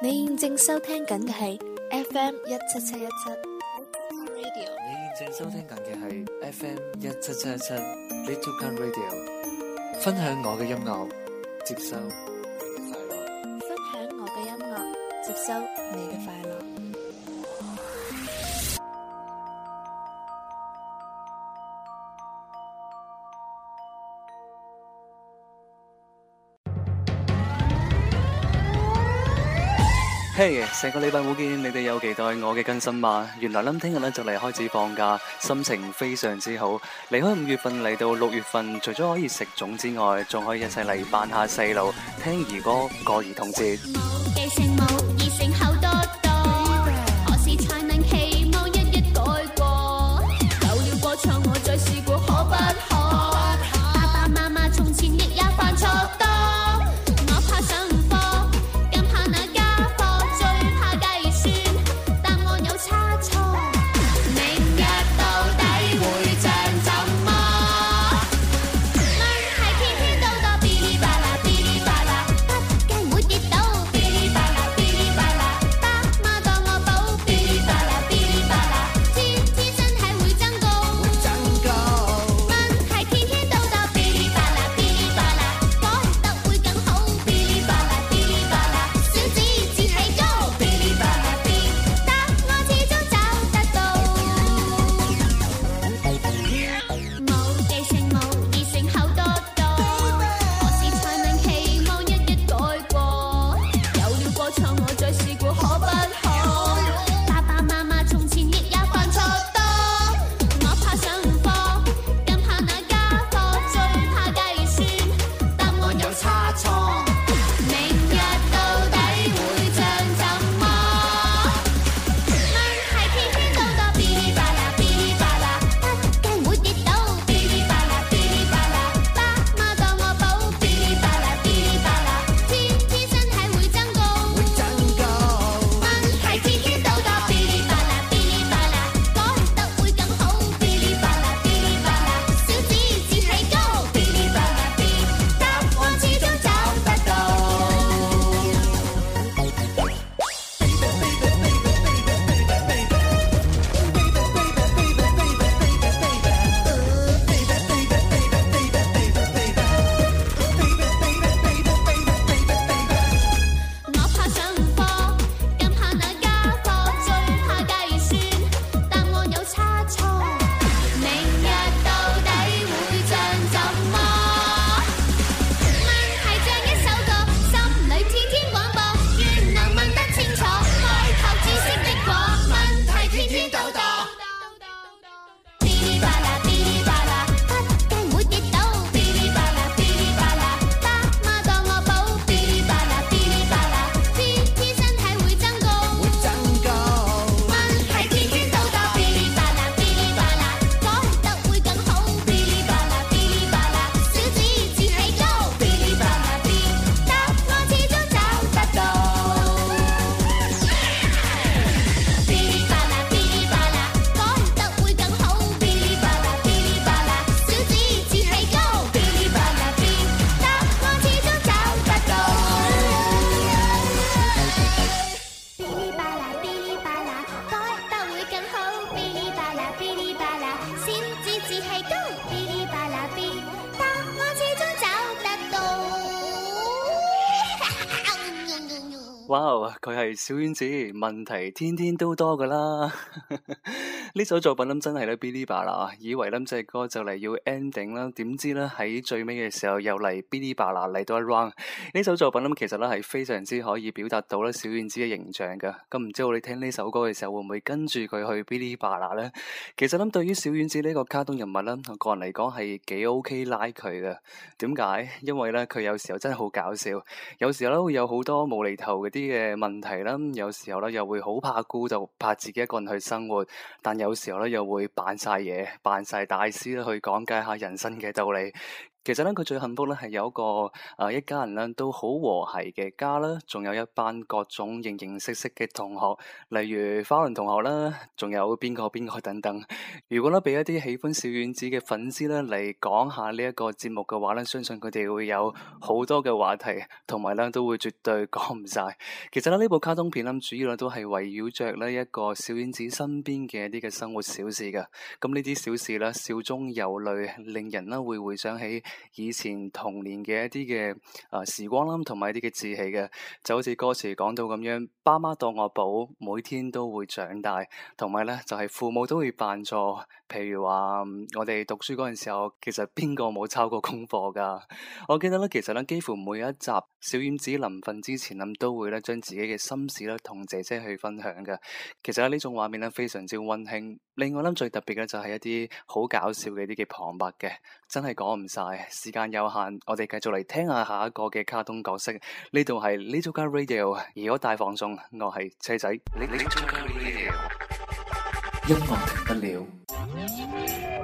你現正收聽緊嘅係 FM 一七七一七，你現正收聽緊嘅係 FM 一七七一七，Little Gun Radio。分享我嘅音樂，接收快樂。分享我嘅音樂，接收你嘅快樂。嘿，成個禮拜冇見，你哋有期待我嘅更新嗎？原來諗聽日咧就嚟開始放假，心情非常之好。離開五月份嚟到六月份，除咗可以食粽之外，仲可以一齊嚟扮下細路，聽兒歌過兒童節。佢係小丸子，問題天天都多噶啦。 呢首作品真係呢，biliba 啦，以為呢隻歌就嚟要 ending 啦，點知呢？喺最尾嘅時候又嚟 biliba 啦，嚟到一 round。呢首作品咁其實呢係非常之可以表達到呢小丸子嘅形象嘅。咁唔知我哋聽呢首歌嘅時候會唔會跟住佢去 biliba 呢？其實咁對於小丸子呢個卡通人物呢，我個人嚟講係幾 OK 拉佢嘅。點解？因為呢，佢有時候真係好搞笑，有時候呢會有好多無厘頭嗰啲嘅問題啦，有時候呢，又會好怕孤獨，就怕自己一個人去生活，但又有時候咧，又會扮晒嘢，扮晒大師去講解下人生嘅道理。其實咧，佢最幸福咧係有一個啊、呃、一家人咧都好和諧嘅家啦，仲有一班各種形形色色嘅同學，例如花輪同學啦，仲有邊個邊個等等。如果咧俾一啲喜歡小丸子嘅粉絲咧嚟講下呢一個節目嘅話咧，相信佢哋會有好多嘅話題，同埋咧都會絕對講唔晒。其實咧呢部卡通片咧主要咧都係圍繞着呢一個小丸子身邊嘅一啲嘅生活小事嘅。咁呢啲小事咧笑中有淚，令人咧會回想起以前童年嘅一啲嘅啊時光啦，同埋一啲嘅志氣嘅，就好似歌詞講到咁樣，爸媽當我寶，每天都會長大，同埋咧就係、是、父母都會犯錯，譬如話我哋讀書嗰陣時候，其實邊個冇抄過功課噶？我記得咧，其實咧幾乎每一集小丸子臨瞓之前諗都會咧將自己嘅心事咧同姐姐去分享嘅。其實呢種畫面咧非常之溫馨。另外諗最特別嘅就係一啲好搞笑嘅啲嘅旁白嘅，真係講唔晒。時間有限，我哋繼續嚟聽，聽下下一個嘅卡通角色。呢度係 Little Girl Radio，如果大放送，我係車仔。Little Girl Radio，音樂停不了。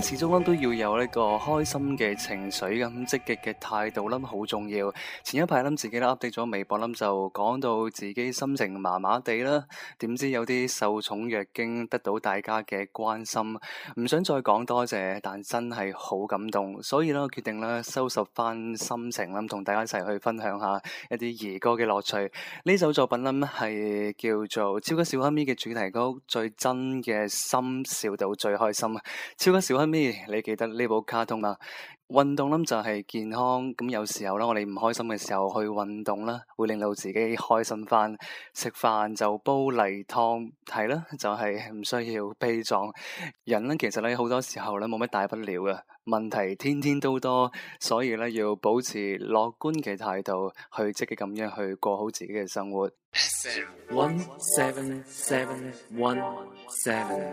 始終、啊、都要有一個開心嘅情緒，咁積極嘅態度。噉、啊、好重要。前一排噉、啊、自己咧 update 咗微博噉、啊、就講到自己心情麻麻地啦，點知有啲受寵若驚，得到大家嘅關心，唔想再講多謝，但真係好感動。所以呢，我決定咧收拾翻心情啦，同大家一齊去分享一下一啲兒歌嘅樂趣。呢首作品呢、啊，係叫做《超級小黑咪》嘅主題曲《最真嘅心笑到最開心》。超級小黑你記得呢部卡通啦，運動啦就係健康。咁有時候咧，我哋唔開心嘅時候去運動咧，會令到自己開心返。食飯就煲例湯，係啦，就係、是、唔需要悲壯人咧。其實咧，好多時候咧，冇乜大不了嘅問題，天天都多，所以咧要保持樂觀嘅態度，去積極咁樣去過好自己嘅生活。One, seven, seven, one, seven.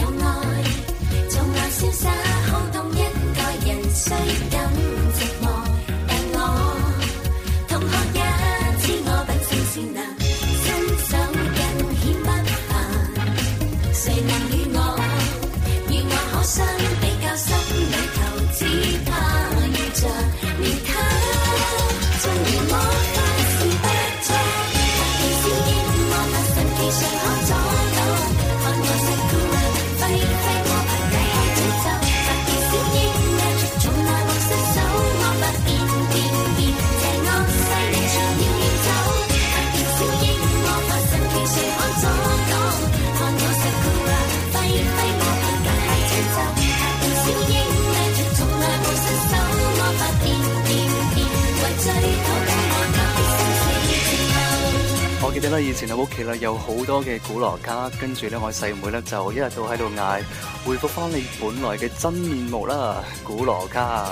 以前喺屋企有好多嘅古羅卡，跟住咧我細妹就一日到晚喺度嗌，回復翻你本來嘅真面目啦，古羅卡。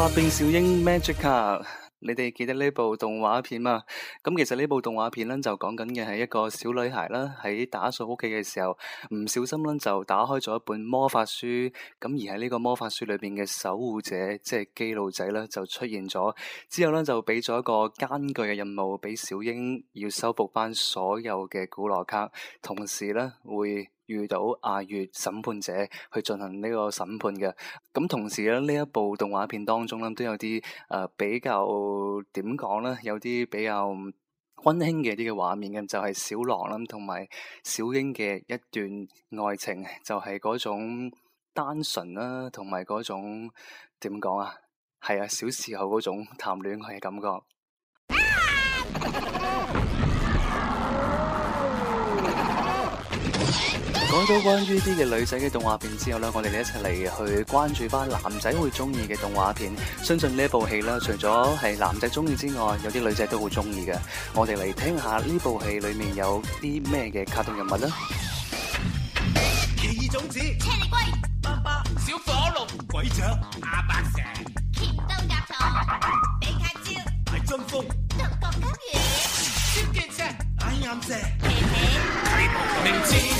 百變小英 Magic 卡》，你哋記得呢部動畫片嘛？咁其實呢部動畫片呢，就講緊嘅係一個小女孩啦，喺打掃屋企嘅時候唔小心咧就打開咗一本魔法書，咁而喺呢個魔法書裏邊嘅守護者即係基路仔呢，就出現咗，之後呢，就俾咗一個艱巨嘅任務俾小英，要收復翻所有嘅古羅卡，同時呢，會。遇到阿月審判者去進行呢個審判嘅，咁同時咧呢一部動畫片當中咧都有啲誒、呃、比較點講咧，有啲比較温馨嘅啲嘅畫面嘅，就係、是、小狼啦同埋小英嘅一段愛情，就係、是、嗰種單純啦，同埋嗰種點講啊，係啊，小時候嗰種談戀愛嘅感覺。講咗關於呢啲嘅女仔嘅動畫片之後呢，我哋嚟一齊嚟去關注翻男仔會中意嘅動畫片。相信呢一部戲呢，除咗係男仔中意之外，有啲女仔都會中意嘅。我哋嚟聽下呢部戲裏面有啲咩嘅卡通人物啦。奇種子、車尼龜、斑巴、小火龍、鬼掌、阿八蛇、鐮刀甲蟲、比卡蕉、大針蜂、獨角金魚、超劍石、矮岩蛇、皮皮、大白、名字。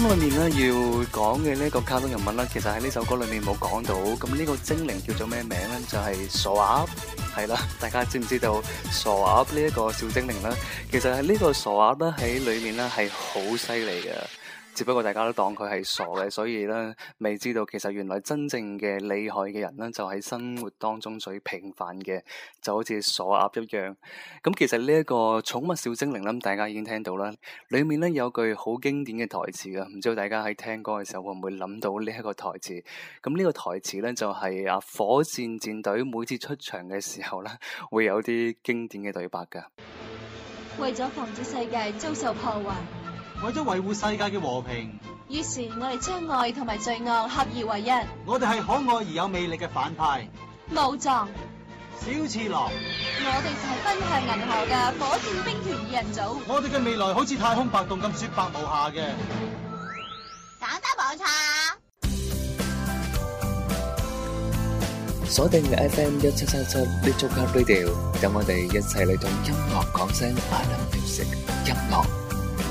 心裏面咧要講嘅呢個卡通人物啦、啊，其實喺呢首歌裏面冇講到。咁呢個精靈叫做咩名咧？就係傻鴨，係啦。大家知唔知道傻鴨呢一個小精靈咧？其實喺呢個傻鴨咧喺裏面咧係好犀利嘅。只不過大家都當佢係傻嘅，所以咧未知道其實原來真正嘅厲害嘅人呢，就喺生活當中最平凡嘅，就好似傻鴨一樣。咁，嗯，其實呢一個《寵物小精靈》咧，大家已經聽到啦。裏面咧有句好經典嘅台詞啊，唔知道大家喺聽歌嘅時候會唔會諗到呢一個台詞？咁，嗯，呢個台詞呢，就係啊火箭戰隊每次出場嘅時候呢，會有啲經典嘅對白噶。為咗防止世界遭受破壞。為咗維護世界嘅和平，於是我哋將愛同埋罪惡合而為一。我哋係可愛而有魅力嘅反派。武藏。小次郎。我哋就係奔向銀河嘅火箭兵團二人組。我哋嘅未來好似太空白洞咁雪白無瑕嘅。簡單冇錯。鎖定嘅 FM 一七三七，聽最高音調，等我哋一齊嚟同音樂講聲。Music 音樂。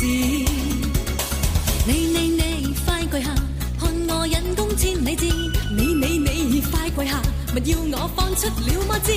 你你你快跪下，看我引弓千里箭！你你你快跪下，勿要我放出了魔箭！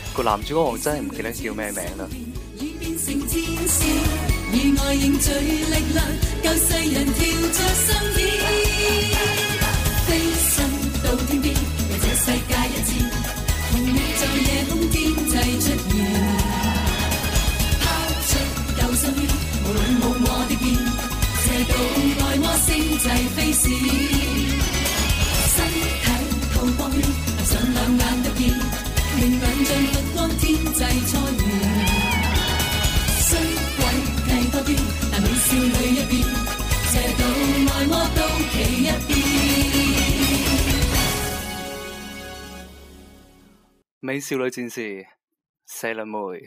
個男主角我真係唔記得叫咩名啦。嗯喺、哎《美少女戰士》細路妹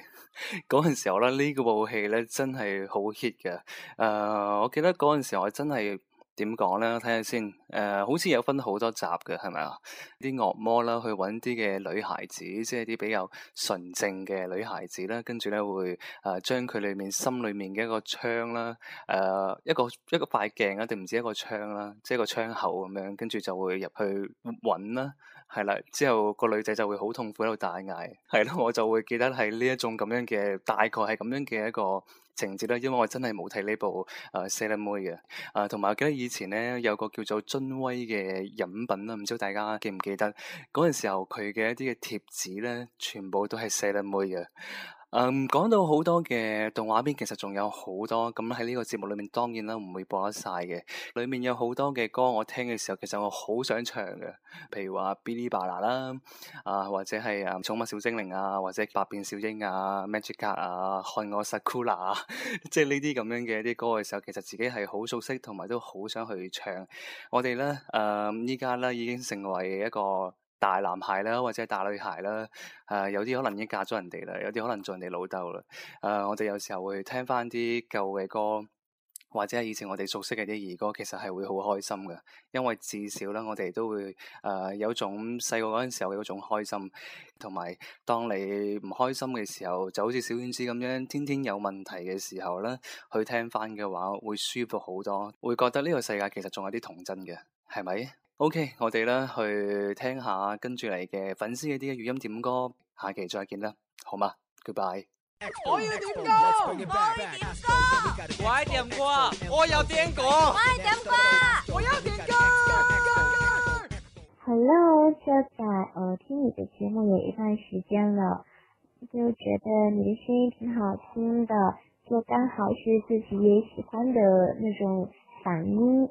嗰陣 時候咧，呢、這個部戲咧真係好 hit 嘅。誒、呃，我記得嗰陣時候我真係點講咧？睇下先。誒、呃，好似有分好多集嘅，係咪啊？啲惡魔啦，去揾啲嘅女孩子，即係啲比較純正嘅女孩子啦，跟住咧會誒將佢裏面心裏面嘅一個窗啦，誒、呃、一個一個塊鏡啊，定唔止一個窗啦，即係個窗口咁樣，跟住就會入去揾啦。係啦，之後個女仔就會好痛苦喺度大嗌，係咯，我就會記得係呢一種咁樣嘅大概係咁樣嘅一個情節啦，因為我真係冇睇呢部 Sailor's 誒《蛇膽妹》嘅，誒同埋我記得以前咧有個叫做樽威嘅飲品啦，唔知道大家記唔記得嗰陣、那個、時候佢嘅一啲嘅貼子咧，全部都係《蛇膽妹》嘅。誒講、um, 到好多嘅動畫片，其實仲有好多咁喺呢個節目裏面，當然啦唔會播得晒嘅。裏面有好多嘅歌，我聽嘅時候其實我好想唱嘅，譬如話《Billy Bala》啦，啊或者係啊《寵物小精靈》啊，或者《百變小櫻》啊，《Magic》Cat 啊，《看我 Sakura》啊，即係呢啲咁樣嘅啲歌嘅時候，其實自己係好熟悉，同埋都好想去唱。我哋咧誒依家咧已經成為一個，大男孩啦，或者大女孩啦，誒、呃，有啲可能已經嫁咗人哋啦，有啲可能做人哋老豆啦。誒、呃，我哋有時候會聽翻啲舊嘅歌，或者係以前我哋熟悉嘅啲兒歌，其實係會好開心嘅，因為至少咧，我哋都會誒、呃、有種細個嗰陣時候嘅嗰種開心，同埋當你唔開心嘅時候，就好似小丸子咁樣，天天有問題嘅時候咧，去聽翻嘅話會舒服好多，會覺得呢個世界其實仲有啲童真嘅，係咪？OK，我哋咧去聽下跟住嚟嘅粉絲一啲嘅語音點歌，下期再見啦，好嘛，Goodbye。我要點歌，我要點歌，我要點歌，我要點歌，我要點歌，我要點歌。Hello，小仔，我聽你嘅節目有一段時間啦，就覺得你嘅聲音挺好聽嘅，就剛好是自己喜歡嘅那種嗓音。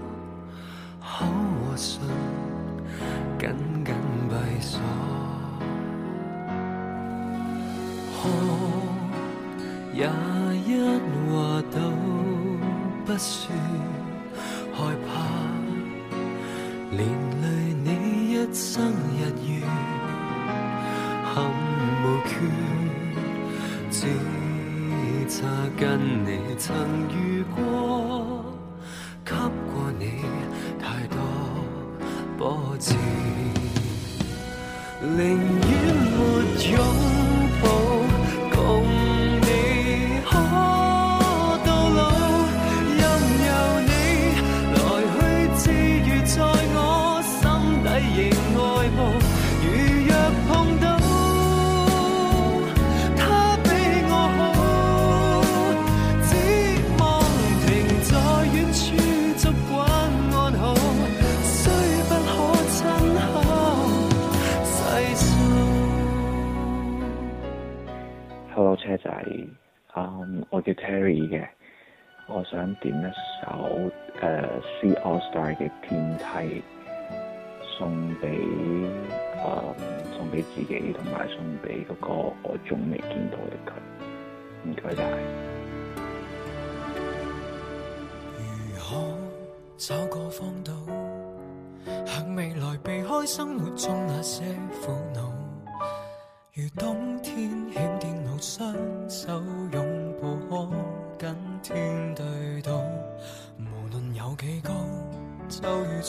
也一話都不說，害怕連累你一生日月，憾無缺，只差跟你曾遇過。誒《See All Stars》嘅天梯送俾誒送俾自己，同埋送俾嗰個我仲未見到嘅佢，唔該曬。如何找個方法向未來避開生活中那些苦惱？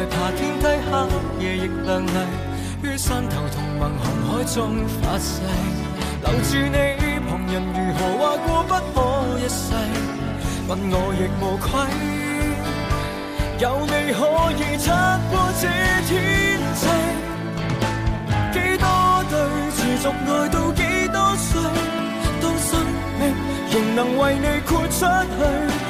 在爬天梯，黑夜亦亮麗。於山頭同盟，紅海中發誓，留住你。旁人如何話過不可一世，問我亦無愧。有你可以闖過這天際，幾多對持續愛到幾多歲，當生命仍能為你豁出去。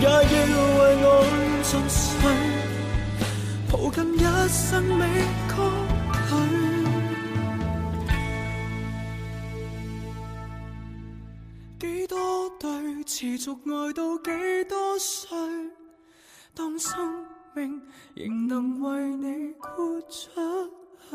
也要為我盡瘁，抱緊一生未覺累，幾多對持續愛到幾多歲，當生命仍能為你豁出去。